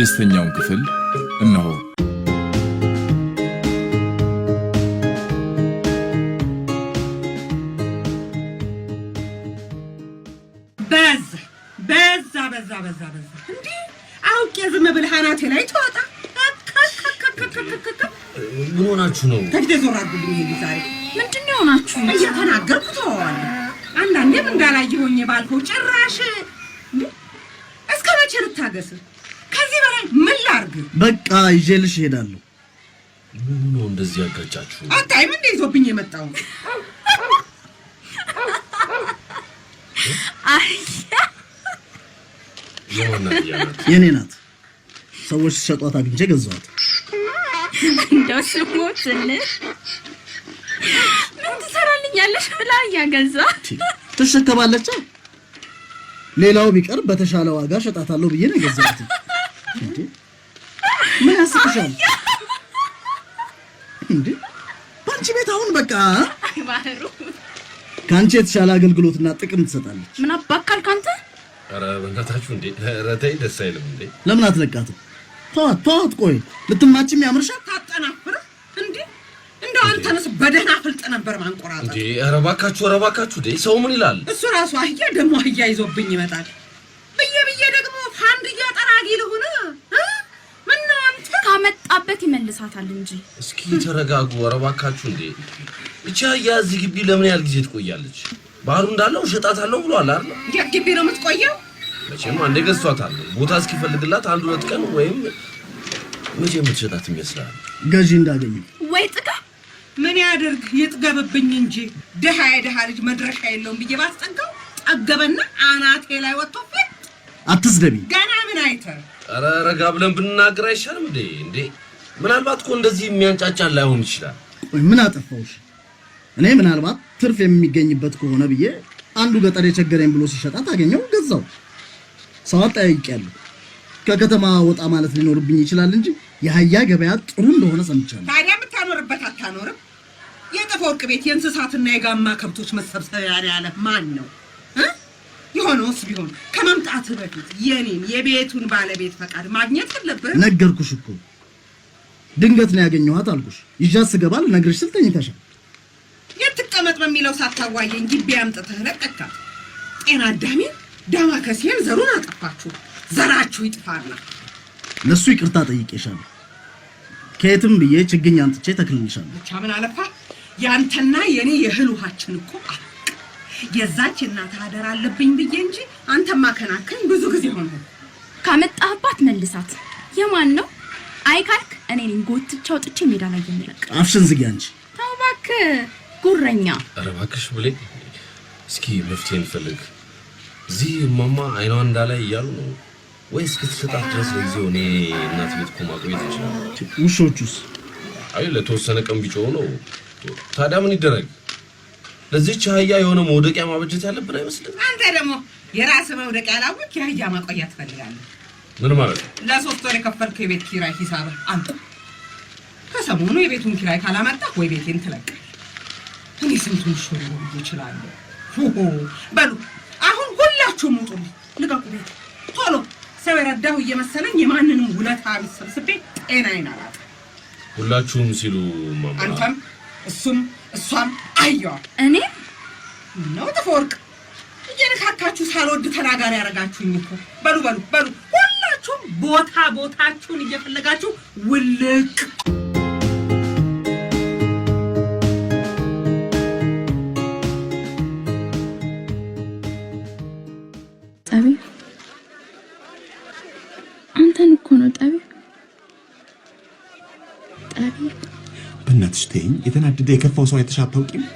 ስድስተኛውን ክፍል እነሆ። በዛ በዛ በዛ በዛ በዛ እንዴ! አውቄ ዝም ብለህ አናቴ ላይ ተወጣ። ምን ሆናችሁ ነው? ከፊቴ ዞር አድርጉልኝ። ይሄ ዛሬ ምንድን ነው ሆናችሁ? እየተናገርኩ አንዳንዴም ባልከው ጭራሽ እስከ መቼ ልታገስ? ምን ላርግ? በቃ ይዤልሽ እሄዳለሁ። ምን ነው እንደዚህ ያጋጫችሁ? አታይም እንደ ይዞብኝ የመጣው የኔ ናት። ሰዎች ሲሸጧት አግኝቼ ገዛዋት። እንደው ስሞትልህ ምን ትሰራልኛለሽ ብላ እያገዛት ትሸከማለች። ሌላው ቢቀር በተሻለ ዋጋ ሸጣታለሁ ብዬ ነው የገዛሁት። እንዴ ምን ያስብሻል እንዴ? በአንቺ ቤት አሁን በቃ ከአንቺ የተሻለ አገልግሎትና ጥቅም ትሰጣለች። ምን አባካል ካንተ? ኧረ በእናታችሁ እንዴ! ኧረ ደስ አይልም እንዴ! ለምን አትለቃትም? ተዋት፣ ተዋት። ቆይ ልትማችም ያምርሻል። ታጠናፍር እንዴ? እንደው አንተንስ በደህና ፍልጥ ነበር ማንቆራጠር እንዴ! ኧረ እባካችሁ፣ ኧረ እባካችሁ እንዴ! ሰው ምን ይላል? እሱ ራሱ አህያ ደግሞ አህያ ይዞብኝ ይመጣል። ይጨርሳታል እንጂ። እስኪ ተረጋጉ፣ ኧረ እባካችሁ። እንዴ ብቻ ያ እዚህ ግቢ ለምን ያህል ጊዜ ትቆያለች? ባህሩ እንዳለው እሸጣታለሁ ብሏል አይደል? ያ ግቢ ነው የምትቆየው? መቼም አንዴ ገዝቷታል። ቦታ እስኪፈልግላት አንድ ሁለት ቀን ወይም መቼ የምትሸጣት ይመስላል? ገዢ እንዳገኘ ወይ ጥጋ ምን ያደርግ ይጥገብብኝ እንጂ ድሃ የድሃ ልጅ መድረሻ የለውም ብዬ ባስጠጋው ጠገበና አናቴ ላይ ወጥቶ ፊት አትስደቢ። ገና ምን አይተ ኧረ ረጋ ብለን ብንናገር አይሻልም እንዴ? እንዴ ምናልባት እኮ እንደዚህ የሚያንጫጫ ላይሆን ይችላል። ምን አጠፋውሽ? እኔ ምናልባት ትርፍ የሚገኝበት ከሆነ ብዬ አንዱ ገጠር የቸገረኝ ብሎ ሲሸጣት አገኘው፣ ገዛው። ሰው አጠያይቄያለሁ። ከከተማ ወጣ ማለት ሊኖርብኝ ይችላል እንጂ የአህያ ገበያ ጥሩ እንደሆነ ሰምቻለሁ። ታዲያ የምታኖርበት አታኖርም? የጠፋ ወርቅ ቤት የእንስሳትና የጋማ ከብቶች መሰብሰቢያ ያለ ማን ነው? የሆነውስ ቢሆን ከመምጣት በፊት የኔን የቤቱን ባለቤት ፈቃድ ማግኘት አለብህ። ነገርኩሽ እኮ ድንገት ነው ያገኘኋት አልኩሽ። ይዣት ስገባ ልነግርሽ ስል ተኝተሻል። በሚለው ሳታዋየኝ ግቢ አምጥተህ ለቀካ። ጤና አዳሚ ዳማ ከሴን ዘሩን አጠፋችሁ፣ ዘራችሁ ይጥፋና ለሱ ይቅርታ ጠይቄሻለሁ። ከየትም ብዬ ችግኝ አምጥቼ ተክልልሻለሁ። ብቻ ምን አለፋ ያንተና የኔ የእህል ውሃችን እኮ የዛች እናት አደራ አለብኝ ብዬ እንጂ አንተማ ከናከኝ ብዙ ጊዜ ሆነ። ካመጣህባት መልሳት። የማን ነው አይ ካልክ እኔ ነኝ ጎትቼ አውጥቼ ሜዳ ላይ የምለቅ። አፍሽን ዝጊ አንቺ። ተው እባክህ ጉረኛ። ኧረ እባክሽ ብሌ፣ እስኪ መፍትሄ እንፈልግ። እዚህ እማማ አይኗን እንዳላይ እያሉ ነው ወይስ እስክትሰጣት ድረስ ለጊዜው እኔ እናት ቤት እኮ ማቆየት ይችላል። ውሾቹስ? አይ ለተወሰነ ቀን ቢጮ ነው ታዲያ ምን ይደረግ? ለዚች አህያ የሆነ መውደቂያ ማበጀት ያለብን አይመስልም? አንተ ደግሞ የራስህ መውደቂያ ያላወቅ የአህያ ማቆያ ትፈልጋለህ? ምን ማለት ነው? ለሶስት ወር የከፈልከው የቤት ኪራይ ሂሳብ አንተ ከሰሞኑ የቤቱን ኪራይ ካላመጣ ወይ ቤቴን ትለቅ። እኔ ስንቱን ሹሩ ይችላል። ሁሁ በሉ አሁን ሁላችሁም ውጡልኝ፣ ልቀቁ ቤት ቶሎ። ሰው የረዳሁ እየመሰለኝ የማንንም ውለታ ቢስ ሰብስቤ ጤናዬን አላጣም። ሁላችሁም ሲሉ ማማ፣ አንተም፣ እሱም፣ እሷም አየዋ እኔ ነው ተፈወርቅ እየነካካችሁ ሳልወድ ተናጋሪ ያረጋችሁኝ እኮ። በሉ በሉ በሉ ሁላችሁም ቦታ ቦታችሁን እየፈለጋችሁ ውልቅ አንተን እኮ ነው ጠቢ ጠቢ በእናትሽ ተይኝ የተናደደ የከፋው ሰው አይተሽ አታውቂም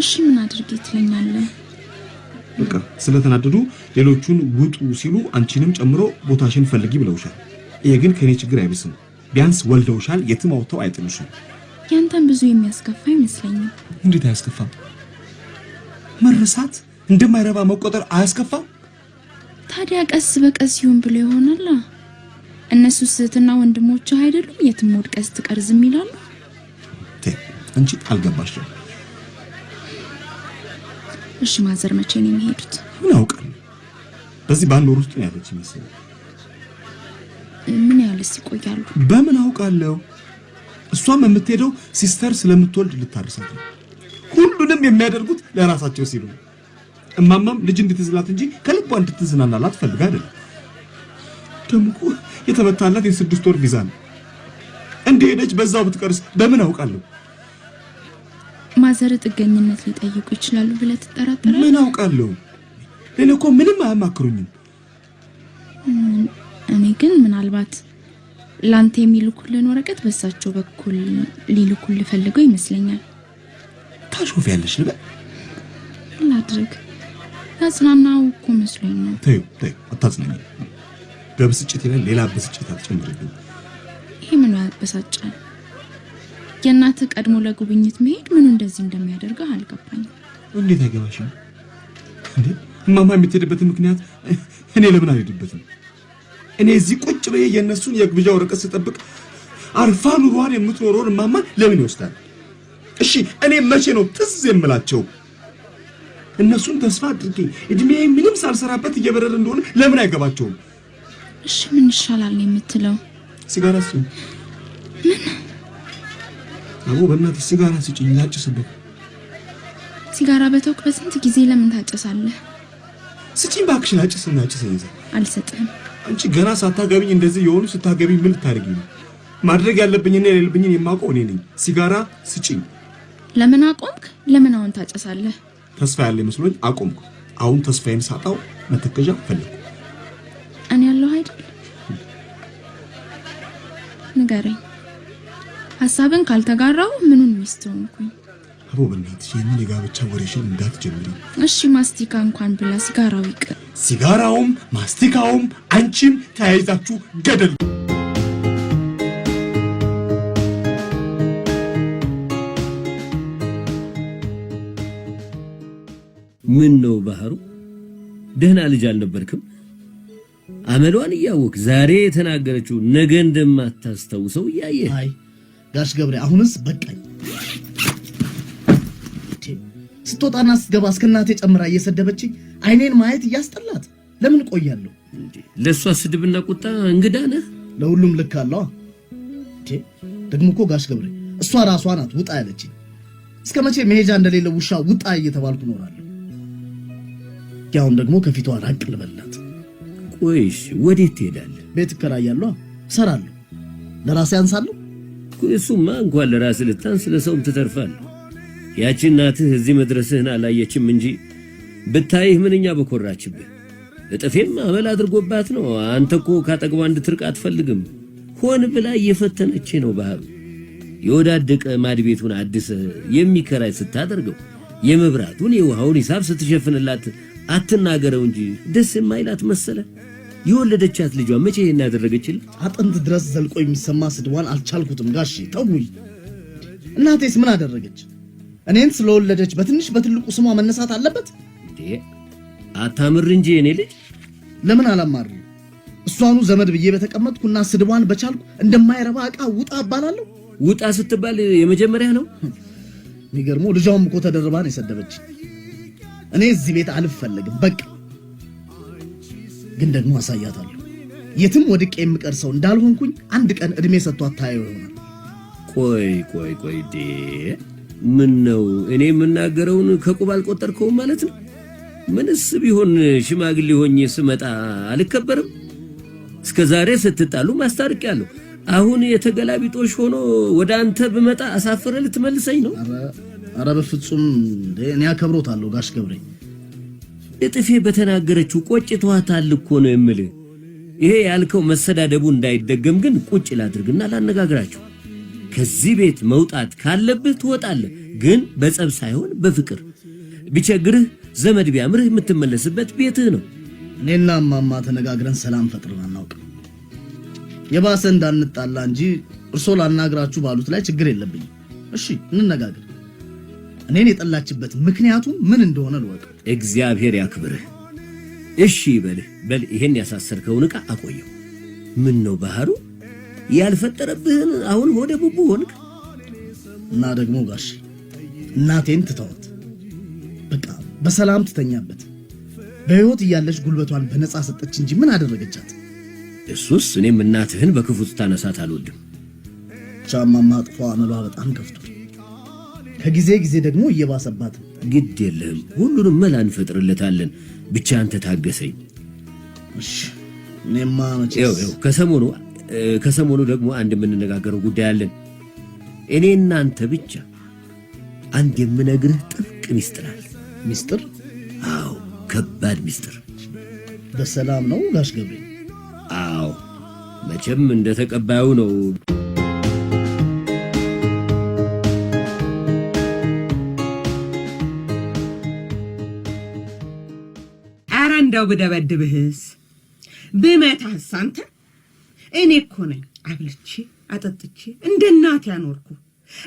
እሺ ምን አድርጌ ትለኛለህ በቃ ስለተናደዱ ሌሎቹን ውጡ ሲሉ አንቺንም ጨምሮ ቦታሽን ፈልጊ ብለውሻል። ይሄ ግን ከእኔ ችግር አይብስም። ቢያንስ ወልደውሻል፣ የትም አውጥተው አይጥሉሽም። ያንተን ብዙ የሚያስከፋ አይመስለኝም። እንዴት አያስከፋም? መረሳት እንደማይረባ መቆጠር አያስከፋም? ታዲያ ቀስ በቀስ ይሁን ብሎ ይሆናላ። እነሱ ስህትና ወንድሞቹ አይደሉም? የትም ወድቀስ ትቀርዝም ይላሉ። አንቺ አልገባሽም። እሺ ማዘር መቼ ነው የሚሄዱት? ምን አውቃለሁ። በዚህ በአንድ ወር ውስጥ ነው ያለች ይመስላል። ምን ያህልስ ይቆያሉ? በምን አውቃለሁ? እሷም የምትሄደው ሲስተር ስለምትወልድ ልታርሳት ነው። ሁሉንም የሚያደርጉት ለራሳቸው ሲሉ ነው። እማማም ልጅ እንድትዝላት እንጂ ከልቧ እንድትዝናናላት ፈልጋ አይደለም። ደግሞ እኮ የተመታላት የስድስት ወር ቪዛ ነው። እንደሄደች በዛው ብትቀርስ በምን አውቃለሁ? በዘር ጥገኝነት ሊጠይቁ ይችላሉ ብለህ ትጠራጠራለህ? ምን አውቃለሁ። እኔ እኮ ምንም አያማክሩኝም። እኔ ግን ምናልባት ላንተ የሚልኩልን ወረቀት በሳቸው በኩል ሊልኩል ፈልገው ይመስለኛል። ታሾፍ ያለሽ ልበ ላድርግ አጽናናው እኮ መስሎኝ ነው። ተዩ ተዩ፣ አታጽናኝ። በብስጭት ይላል ሌላ ብስጭት አትጨምርብኝ። ይህ ምን ያበሳጫል? የእናትህ ቀድሞ ለጉብኝት መሄድ ምኑ እንደዚህ እንደሚያደርገህ አልገባኝም። እንዴት አይገባሽም እንዴ? እማማ የምትሄድበትን ምክንያት እኔ ለምን አልሄድበትም? እኔ እዚህ ቁጭ ብዬ የእነሱን የግብዣ ወረቀት ስጠብቅ አርፋ ኑሯን የምትኖረውን እማማ ለምን ይወስዳል? እሺ እኔ መቼ ነው ትዝ የምላቸው? እነሱን ተስፋ አድርጌ እድሜ ምንም ሳልሰራበት እየበረረ እንደሆነ ለምን አይገባቸውም? እሺ ምን ይሻላል ነው የምትለው? ሲጋራ ምን አቦ በእናትሽ ሲጋራ ስጭኝ ላጭስበት። ሲጋራ በተውክ በስንት ጊዜ ለምን ታጨሳለህ? ስጭኝ እባክሽን፣ አጭስ እናጭስ ይዘ አልሰጥህም። አንቺ ገና ሳታገቢኝ እንደዚህ የሆኑ ስታገቢኝ ምን ልታደርጊ ነው? ማድረግ ያለብኝና የሌለብኝን የማውቀው እኔ ነኝ። ሲጋራ ስጭኝ። ለምን አቆምክ? ለምን አሁን ታጨሳለህ? ተስፋ ያለ መስሎኝ አቆምኩ። አሁን ተስፋዬን ሳጣው መተከዣ ፈለግኩ። እኔ ያለሁ አይደል ንገረኝ። ሀሳብን ካልተጋራው ምኑን ሚስት ሆንኩኝ? አቦ በእናትሽ ይህንን የጋብቻ ወሬሽን እንዳትጀምሪ። እሺ ማስቲካ እንኳን ብላ ሲጋራው ይቅር። ሲጋራውም ማስቲካውም አንቺም ተያይዛችሁ ገደል። ምን ነው ባህሩ፣ ደህና ልጅ አልነበርክም? አመሏን እያወቅ ዛሬ የተናገረችው ነገ እንደማታስታውሰው እያየ ጋሽ ገብሬ አሁንስ በቃኝ። ስትወጣና ስትገባ እስከናቴ ጨምራ እየሰደበችኝ አይኔን ማየት እያስጠላት ለምን ቆያለሁ? ለእሷ ስድብና ቁጣ እንግዳ ነህ። ለሁሉም ልክ አለዋ። ደግሞ እኮ ጋሽ ገብሬ እሷ ራሷ ናት ውጣ ያለችኝ። እስከ መቼ መሄጃ እንደሌለ ውሻ ውጣ እየተባልኩ እኖራለሁ? ያሁን ደግሞ ከፊቷ ራቅ ልበላት። ቆይሽ ወዴት ትሄዳለህ? ቤት እከራያለሁ፣ እሰራለሁ፣ ለራሴ አንሳለሁ እሱማ እንኳን ለራስ ልታንስ ለሰውም ትተርፋል። ያቺ እናትህ እዚህ መድረስህን አላየችም እንጂ ብታይህ ምንኛ በኮራችብህ። እጥፌም አመል አድርጎባት ነው። አንተ እኮ ካጠግቧ እንድትርቅ አትፈልግም። ሆን ብላ እየፈተነች ነው። ባህሩ የወዳደቀ ማድ ቤቱን አድስ የሚከራይ ስታደርገው የመብራቱን የውሃውን ሂሳብ ስትሸፍንላት አትናገረው እንጂ ደስ የማይላት መሰለ። የወለደቻት ልጇ መቼ ያደረገችል? አጥንት ድረስ ዘልቆ የሚሰማ ስድቧን አልቻልኩትም ጋሼ ተውኝ። እናቴስ ምን አደረገች? እኔን ስለወለደች በትንሽ በትልቁ ስሟ መነሳት አለበት እንዴ? አታምር እንጂ የኔ ልጅ ለምን አላማር? እሷኑ ዘመድ ብዬ በተቀመጥኩና ስድቧን በቻልኩ እንደማይረባ ዕቃ ውጣ እባላለሁ። ውጣ ስትባል የመጀመሪያ ነው የሚገርመው። ልጇም እኮ ተደርባን የሰደበች። እኔ እዚህ ቤት አልፈለግም በቃ ግን ደግሞ አሳያታለሁ። የትም ወድቄ የምቀር ሰው እንዳልሆንኩኝ አንድ ቀን ዕድሜ ሰጥቶ አታየው ይሆናል። ቆይ ቆይ ቆይ፣ ዴ ምን ነው እኔ የምናገረውን ከቁብ አልቆጠርከውም ማለት ነው? ምንስ ቢሆን ሽማግሌ ሆኜ ስመጣ አልከበርም? እስከ ዛሬ ስትጣሉ ማስታርቂያለሁ። አሁን የተገላቢጦሽ ሆኖ ወደ አንተ ብመጣ አሳፍረ ልትመልሰኝ ነው? አረ በፍጹም እኔ አከብሮታለሁ ጋሽ ገብረኝ እጥፌ በተናገረችው ቆጭተዋታል እኮ ነው የምልህ። ይሄ ያልከው መሰዳደቡ እንዳይደገም ግን ቁጭ ላድርግና ላነጋግራችሁ። ከዚህ ቤት መውጣት ካለብህ ትወጣለህ፣ ግን በጸብ ሳይሆን በፍቅር ቢቸግርህ ዘመድ ቢያምርህ የምትመለስበት ቤትህ ነው። እኔና እማማ ተነጋግረን ሰላም ፈጥረን አናውቅም። የባሰ እንዳንጣላ እንጂ እርሶ ላናግራችሁ ባሉት ላይ ችግር የለብኝም። እሺ እንነጋግር። እኔን የጠላችበት ምክንያቱም ምን እንደሆነ ልወቅ። እግዚአብሔር ያክብርህ። እሺ ይበልህ። በል ይሄን ያሳሰርከውን ዕቃ አቆየው። ምን ነው ባህሩ ያልፈጠረብህን አሁን ሆደ ቡቡ ሆንክ። እና ደግሞ ጋሽ እናቴን ትተዋት በቃ በሰላም ትተኛበት። በሕይወት እያለች ጉልበቷን በነፃ ሰጠች እንጂ ምን አደረገቻት? እሱስ እኔም እናትህን በክፉ ታነሳት አልወድም። ቻማማ ጥፏ መሏ በጣም ከፍቶ ከጊዜ ጊዜ ደግሞ እየባሰባት ግድ የለህም ሁሉንም መላ እንፈጥርለታለን። ብቻ አንተ ታገሰኝ። ከሰሞኑ ከሰሞኑ ደግሞ አንድ የምንነጋገረው ጉዳይ አለን። እኔ እናንተ ብቻ አንድ የምነግርህ ጥብቅ ሚስጥር አለ። ሚስጥር? አዎ፣ ከባድ ሚስጥር። በሰላም ነው ጋሽ ገብሬ? አዎ፣ መቼም እንደ ተቀባዩ ነው። እንደው ብደበድብህስ ብመታህስ? አንተ እኔ እኮ ነኝ አብልቼ አጠጥቼ እንደ እናት ያኖርኩ።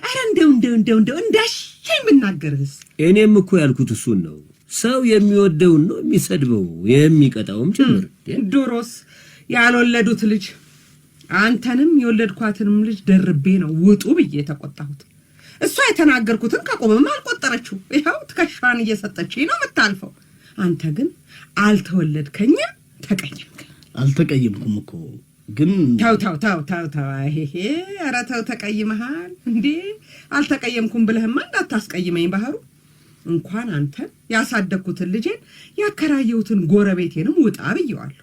አረ እንደው እንደው እንደው እንደው እንዳሸኝ ብናገርህስ? እኔም እኮ ያልኩት እሱን ነው። ሰው የሚወደውን ነው የሚሰድበው የሚቀጣውም ጭምር። ድሮስ ያልወለዱት ልጅ አንተንም የወለድኳትንም ልጅ ደርቤ ነው ውጡ ብዬ የተቆጣሁት። እሷ የተናገርኩትን ከቆመም አልቆጠረችው። ይኸው ትከሻን እየሰጠች ነው የምታልፈው። አንተ ግን አልተወለድከኝም፣ ተቀየምክ። አልተቀየምኩም እኮ ግን ተው ተው ተው ተው ተው፣ ይሄ ኧረ ተው፣ ተቀይመሃል እንዴ? አልተቀየምኩም ብለህማ እንዳታስቀይመኝ ባህሩ። እንኳን አንተን ያሳደግኩትን ልጄን ያከራየሁትን ጎረቤቴንም ውጣ ብየዋለሁ።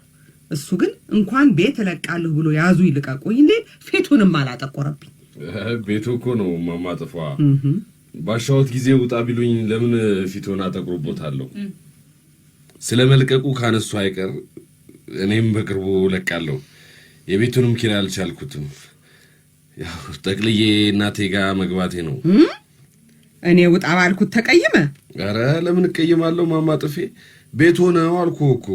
እሱ ግን እንኳን ቤት እለቃለሁ ብሎ ያዙ ይልቀቁኝ እንዴ ፊቱንም አላጠቆረብኝ። ቤቱ እኮ ነው ማማጥፏ። ባሻሁት ጊዜ ውጣ ቢሉኝ ለምን ፊቱን አጠቁርቦታለሁ? ስለ መልቀቁ ካነሱ አይቀር እኔም በቅርቡ ለቃለሁ። የቤቱንም ኪራይ አልቻልኩትም። ያው ጠቅልዬ እናቴ ጋ መግባቴ ነው። እኔ ውጣ ባልኩት ተቀይመ? ኧረ ለምን እቀይማለሁ ማማ ጥፌ፣ ቤት ሆነው አልኩ እኮ።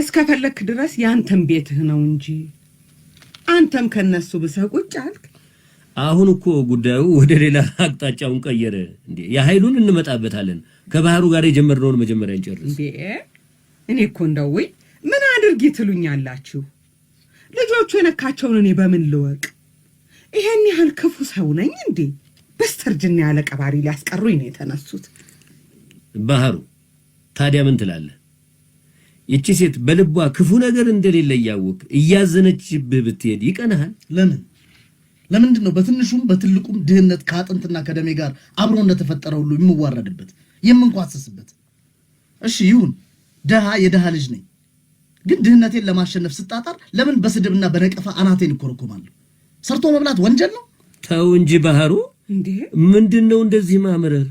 እስከፈለክ ድረስ ያንተም ቤትህ ነው እንጂ አንተም ከነሱ ብሰህ ቁጭ አልክ። አሁን እኮ ጉዳዩ ወደ ሌላ አቅጣጫውን ቀየረ። እንዴ የኃይሉን እንመጣበታለን ከባህሩ ጋር የጀመርነውን መጀመሪያ እንጨርስ። እኔ እኮ እንደውይ ምን አድርጊ ትሉኛላችሁ? ልጆቹ የነካቸውን እኔ በምን ልወቅ? ይሄን ያህል ክፉ ሰው ነኝ እንዴ? በስተርጅና ያለ ቀባሪ ሊያስቀሩኝ ነው የተነሱት። ባህሩ ታዲያ ምን ትላለህ? ይቺ ሴት በልቧ ክፉ ነገር እንደሌለ እያወቅ እያዘነችብህ ብትሄድ ይቀናሃል? ለምን ለምንድን ነው በትንሹም በትልቁም ድህነት ከአጥንትና ከደሜ ጋር አብሮ እንደተፈጠረ ሁሉ የምዋረድበት የምንኳሰስበት። እሺ ይሁን ድሃ የድሃ ልጅ ነኝ፣ ግን ድህነቴን ለማሸነፍ ስጣጣር ለምን በስድብና በነቀፋ አናቴን ይኮረኮማለሁ? ሰርቶ መብላት ወንጀል ነው? ተው እንጂ ባህሩ፣ ምንድን ነው እንደዚህ ማምረር?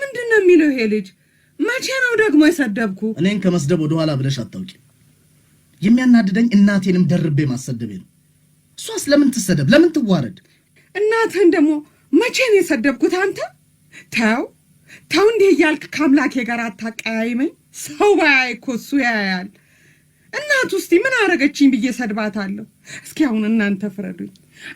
ምንድን ነው የሚለው ይሄ ልጅ? መቼ ነው ደግሞ የሰደብኩ? እኔን ከመስደብ ወደኋላ ብለሽ አታውቂ። የሚያናድደኝ እናቴንም ደርቤ ማሰደቤ ነው። እሷስ ለምን ትሰደብ? ለምን ትዋረድ? እናትህን ደግሞ መቼ ነው የሰደብኩት? አንተ ተው ተው እንዲህ እያልክ ከአምላኬ ጋር አታቀያይመኝ። ሰው ባያይ እኮ እሱ ያያል። እናቱ እስቲ ምን አረገችኝ ብዬ ሰድባታለሁ። እስኪ አሁን እናንተ ፍረዱኝ።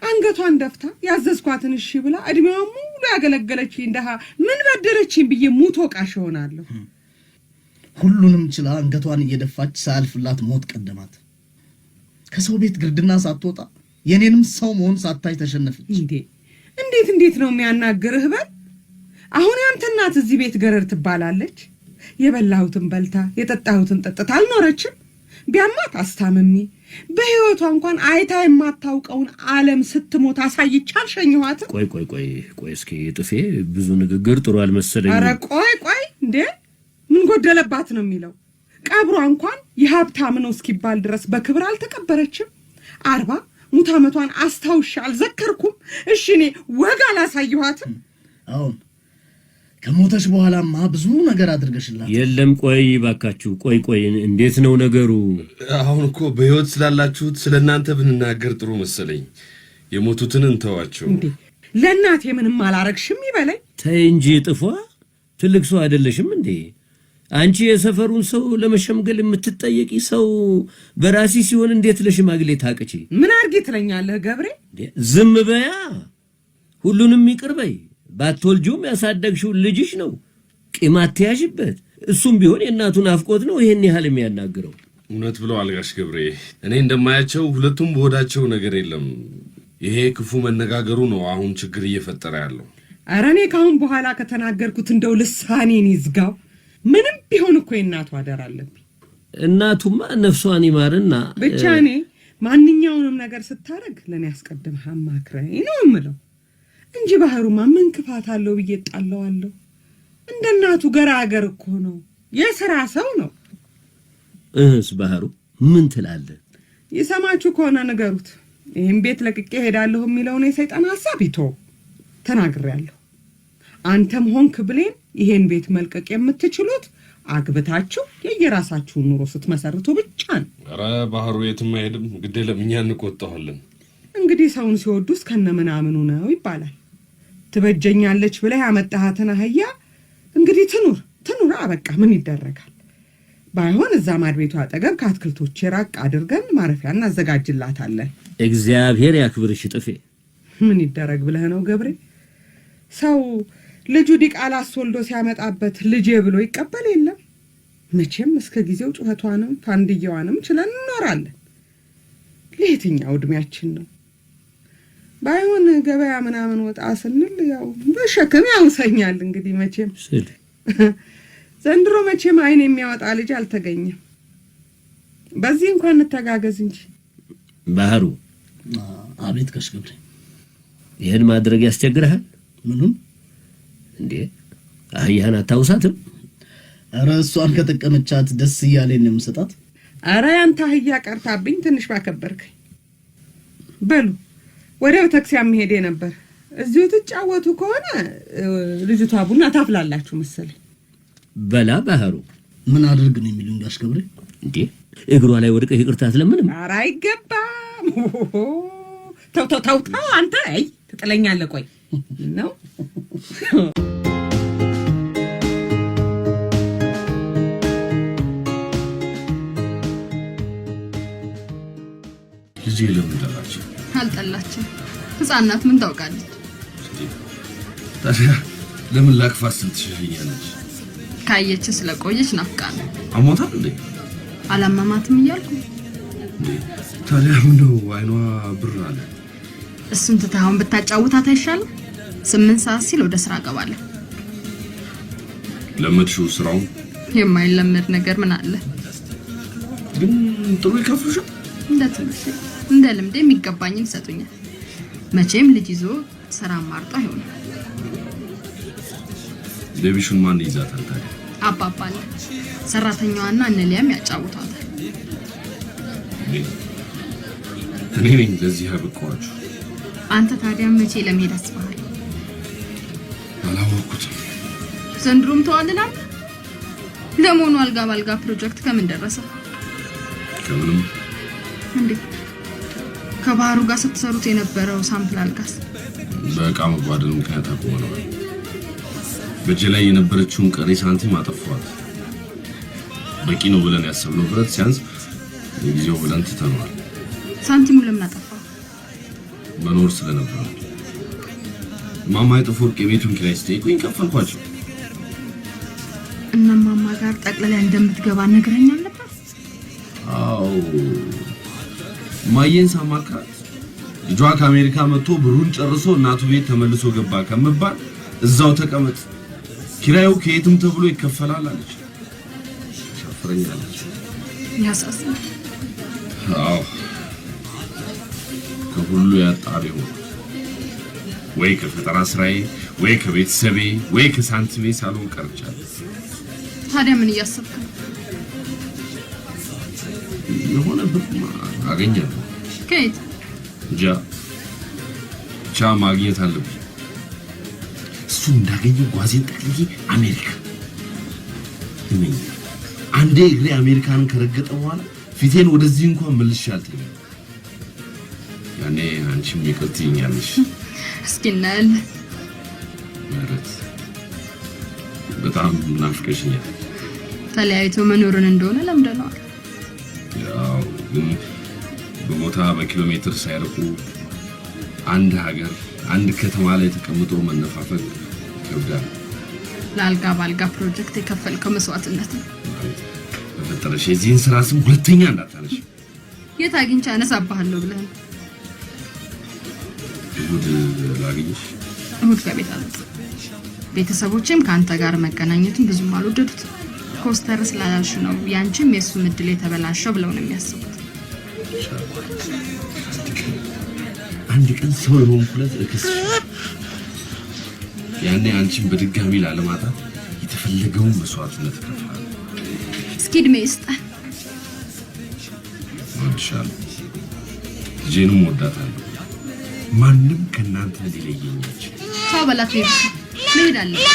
አንገቷን ደፍታ ያዘዝኳትን እሺ ብላ እድሜዋ ሙሉ ያገለገለችኝ ደሃ ምን በደረችኝ ብዬ ሙቶ ቃሽ እሆናለሁ። ሁሉንም ችላ አንገቷን እየደፋች ሳያልፍላት ሞት ቀደማት። ከሰው ቤት ግርድና ሳትወጣ የእኔንም ሰው መሆን ሳታይ ተሸነፈች። እንዴት እንዴት ነው የሚያናግርህ በል አሁን ያንተ እናት እዚህ ቤት ገረድ ትባላለች። የበላሁትን በልታ የጠጣሁትን ጠጥታ አልኖረችም። ቢያማት አስታምሚ በህይወቷ እንኳን አይታ የማታውቀውን ዓለም ስትሞት አሳይቻል አልሸኘኋትም። ቆይ ቆይ ቆይ ቆይ እስኪ ጥፌ ብዙ ንግግር ጥሩ አልመሰለኝ። ኧረ ቆይ ቆይ እንዴ ምን ጎደለባት ነው የሚለው? ቀብሯ እንኳን የሀብታም ነው እስኪባል ድረስ በክብር አልተቀበረችም። አርባ ሙት ዓመቷን አስታውሻ አልዘከርኩም። እሺ እኔ ወግ አላሳየኋትም። አሁን ከሞተች በኋላማ ብዙ ነገር አድርገሽላት። የለም ቆይ ባካችሁ፣ ቆይ ቆይ፣ እንዴት ነው ነገሩ? አሁን እኮ በህይወት ስላላችሁት ስለ እናንተ ብንናገር ጥሩ መሰለኝ። የሞቱትን እንተዋቸው። ለእናቴ ምንም አላረግሽም ይበለኝ። ተይ እንጂ ጥፏ፣ ትልቅ ሰው አይደለሽም እንዴ? አንቺ የሰፈሩን ሰው ለመሸምገል የምትጠየቂ ሰው በራሲ ሲሆን እንዴት ለሽማግሌ ታቅቺ? ምን አድርጌ ትለኛለህ ገብሬ? ዝም በያ፣ ሁሉንም ይቅር በይ ባትወልጁም ያሳደግሽው ልጅሽ ነው። ቂም አትያዥበት። እሱም ቢሆን የእናቱን አፍቆት ነው ይህን ያህል የሚያናግረው። እውነት ብለው ጋሽ ገብሬ። እኔ እንደማያቸው ሁለቱም በሆዳቸው ነገር የለም። ይሄ ክፉ መነጋገሩ ነው አሁን ችግር እየፈጠረ ያለው። ኧረ እኔ ካሁን በኋላ ከተናገርኩት እንደው ልሳኔን ይዝጋው። ምንም ቢሆን እኮ የእናቱ አደር አለብኝ። እናቱማ ነፍሷን ይማርና ብቻ እኔ ማንኛውንም ነገር ስታደርግ ለእኔ አስቀድመህ አማክረኝ ነው የምለው። እንጂ ባህሩማ ምን ክፋት አለው ብዬ ጣለዋለሁ። እንደ እናቱ ገራገር እኮ ነው፣ የሥራ ሰው ነው። እህስ ባህሩ ምን ትላለህ? ይሰማችሁ ከሆነ ንገሩት። ይህም ቤት ለቅቄ ሄዳለሁ የሚለውን የሰይጣን ሐሳብ ይቶ ተናግሬያለሁ። አንተም ሆንክ ብሌን ይሄን ቤት መልቀቅ የምትችሉት አግብታችሁ የየራሳችሁን ኑሮ ስትመሰርቱ ብቻ ነው። ኧረ ባህሩ የትም አይሄድም። ግድ እኛ እንቆጣዋለን። እንግዲህ ሰውን ሲወዱ እስከነ ምናምኑ ነው ይባላል። ትበጀኛለች ብለ ያመጣሃትን አህያ እንግዲህ ትኑር ትኑር፣ አበቃ ምን ይደረጋል። ባይሆን እዛ ማድቤቱ አጠገብ ከአትክልቶች ራቅ አድርገን ማረፊያ እናዘጋጅላታለን። እግዚአብሔር ያክብርሽ ጥፌ። ምን ይደረግ ብለህ ነው ገብሬ? ሰው ልጁ ዲቃላ አስወልዶ ሲያመጣበት ልጄ ብሎ ይቀበል የለም። መቼም እስከ ጊዜው ጩኸቷንም ፋንድየዋንም ችለን እንኖራለን። ለየትኛው ዕድሜያችን ነው ባይሆን ገበያ ምናምን ወጣ ስንል ያው በሸክም ያውሰኛል። እንግዲህ መቼም ዘንድሮ መቼም አይን የሚያወጣ ልጅ አልተገኘም። በዚህ እንኳን እንተጋገዝ እንጂ ባህሩ። አቤት ጋሽ ገብሬ፣ ይህን ማድረግ ያስቸግረሃል? ምኑም እንዴ አህያህን አታውሳትም? ኧረ እሷን ከጠቀመቻት ደስ እያለኝ ነው የምሰጣት። እረ ያንተ አህያ ቀርታብኝ ትንሽ ባከበርከኝ። በሉ ወዲያው ቤተክርስቲያን መሄዴ ነበር። እዚሁ ትጫወቱ ከሆነ ልጅቷ ቡና ታፍላላችሁ መሰለኝ። በላ ባህሩ ምን አድርግ ነው የሚሉ እንዲ አስከብሬ እንዴ እግሯ ላይ ወድቀህ ይቅርታ አትለምንም? ኧረ አይገባም። ተው ተው ተው ተው አንተ አይ ትጥለኛለህ። ቆይ ነው እዚህ ለምን ጠራችሁ? አልጠላችም። ህፃናት ምን ታውቃለች? ታዲያ ለምን ላክፋት ስል ትሸሸኛለች? ካየች ስለቆየች ናፍቃ ነው። አሞታል እንዴ? አላመማትም እያልኩ ታዲያ ምነው አይኗ ብር አለ? እሱን ትታሁን ብታጫውታት አይሻልም? ስምንት ሰዓት ሲል ወደ ስራ እገባለሁ። ለመድሽው ስራው የማይለመድ ነገር ምን አለ ግን ጥሩ ይከፍሉሻል እንደ እንደ ልምድ የሚገባኝን ይሰጡኛል። መቼም ልጅ ይዞ ስራ ማርጦ አይሆንም። ቤቢሹን ማን ይዛታል ታዲያ? ሰራተኛዋና እነ ሊያም ያጫውቷታል። እኔ ነኝ ለዚህ ያበቃኋችሁ። አንተ ታዲያ መቼ ለመሄድ አስበሃል? አላወቅኩትም። ዘንድሮም ተዋልናል። ለመሆኑ አልጋ ባልጋ ፕሮጀክት ከምን ደረሰ? ከምንም ከባህሩ ጋር ስትሰሩት የነበረው ሳምፕል አልጋስ በእቃ መጓደል ምክንያት አቁሞ ነው። ላይ የነበረችውን ቀሪ ሳንቲም አጠፏት። በቂ ነው ብለን ያሰብነው ብረት ሲያንስ የጊዜው ብለን ትተነዋል። ሳንቲሙ ለምን አጠፋ? መኖር ስለነበረ ማማ የጥፎርቅ የቤቱን ኪራይ ስጠይቁኝ ከፈልኳቸው እና ማማ ጋር ጠቅልላ እንደምትገባ ነገረኛ አለበት። አዎ ማየን ሳማካት ልጇ ከአሜሪካ መጥቶ ብሩን ጨርሶ እናቱ ቤት ተመልሶ ገባ ከመባል እዛው ተቀመጥ፣ ኪራዩ ከየትም ተብሎ ይከፈላል አለች። ሻፍረኛለች። ያሳዝናል። አዎ ከሁሉ ያጣሪ ወይ ከፈጠራ ስራዬ ወይ ከቤተሰቤ ወይ ከሳንቲሜ ሳልሆን ቀርቻለሁ። ታዲያ ምን እያሰብክ ነው? የሆነ ብር አገኛለሁ። ከየት ጃ ቻ ማግኘት አለብኝ። እሱ እንዳገኘ ጓዜን ጠቅልዬ አሜሪካ እመኝ። አንዴ እግሬ አሜሪካንን ከረገጠ በኋላ ፊቴን ወደዚህ እንኳን መልሼ አልተኛም። ያኔ አንቺም ይቅር ትይኛለሽ። እስኪ እናያለን። ማለት በጣም ናፍቀሽኛል። ተለያይቶ መኖርን እንደሆነ ለምደነዋል። ግን በቦታ በኪሎ ሜትር ሳይርቁ አንድ ሀገር አንድ ከተማ ላይ ተቀምጦ መነፋፈቅ ይከብዳል። ለአልጋ በአልጋ ፕሮጀክት የከፈልከው መስዋዕትነት ነው። በፈጠረሽ የዚህን ስራ ስም ሁለተኛ እንዳታነሽ። የት አግኝቼ አነሳባሃለሁ ብለህ እሑድ ላግኝሽ? እሁድ ከቤት አልወጣ። ቤተሰቦችም ከአንተ ጋር መገናኘቱን ብዙም አልወደዱት። ኮስተር ስላላልሽ ነው ያንቺም የእሱም እድል የተበላሸው ብለው ነው የሚያስቡ አንድ ቀን ሰው የሆንኩለት እክስ ያኔ አንቺን በድጋሚ ላለማጣት የተፈለገውን መስዋዕትነት ከፍላለሁ። እስኪ እድሜ ይስጠን። እወድሻለሁ፣ ልጄንም እወዳታለሁ። ማንም ከእናንተ ሊለየኛቸው ሰው በላት ልሄዳለሁ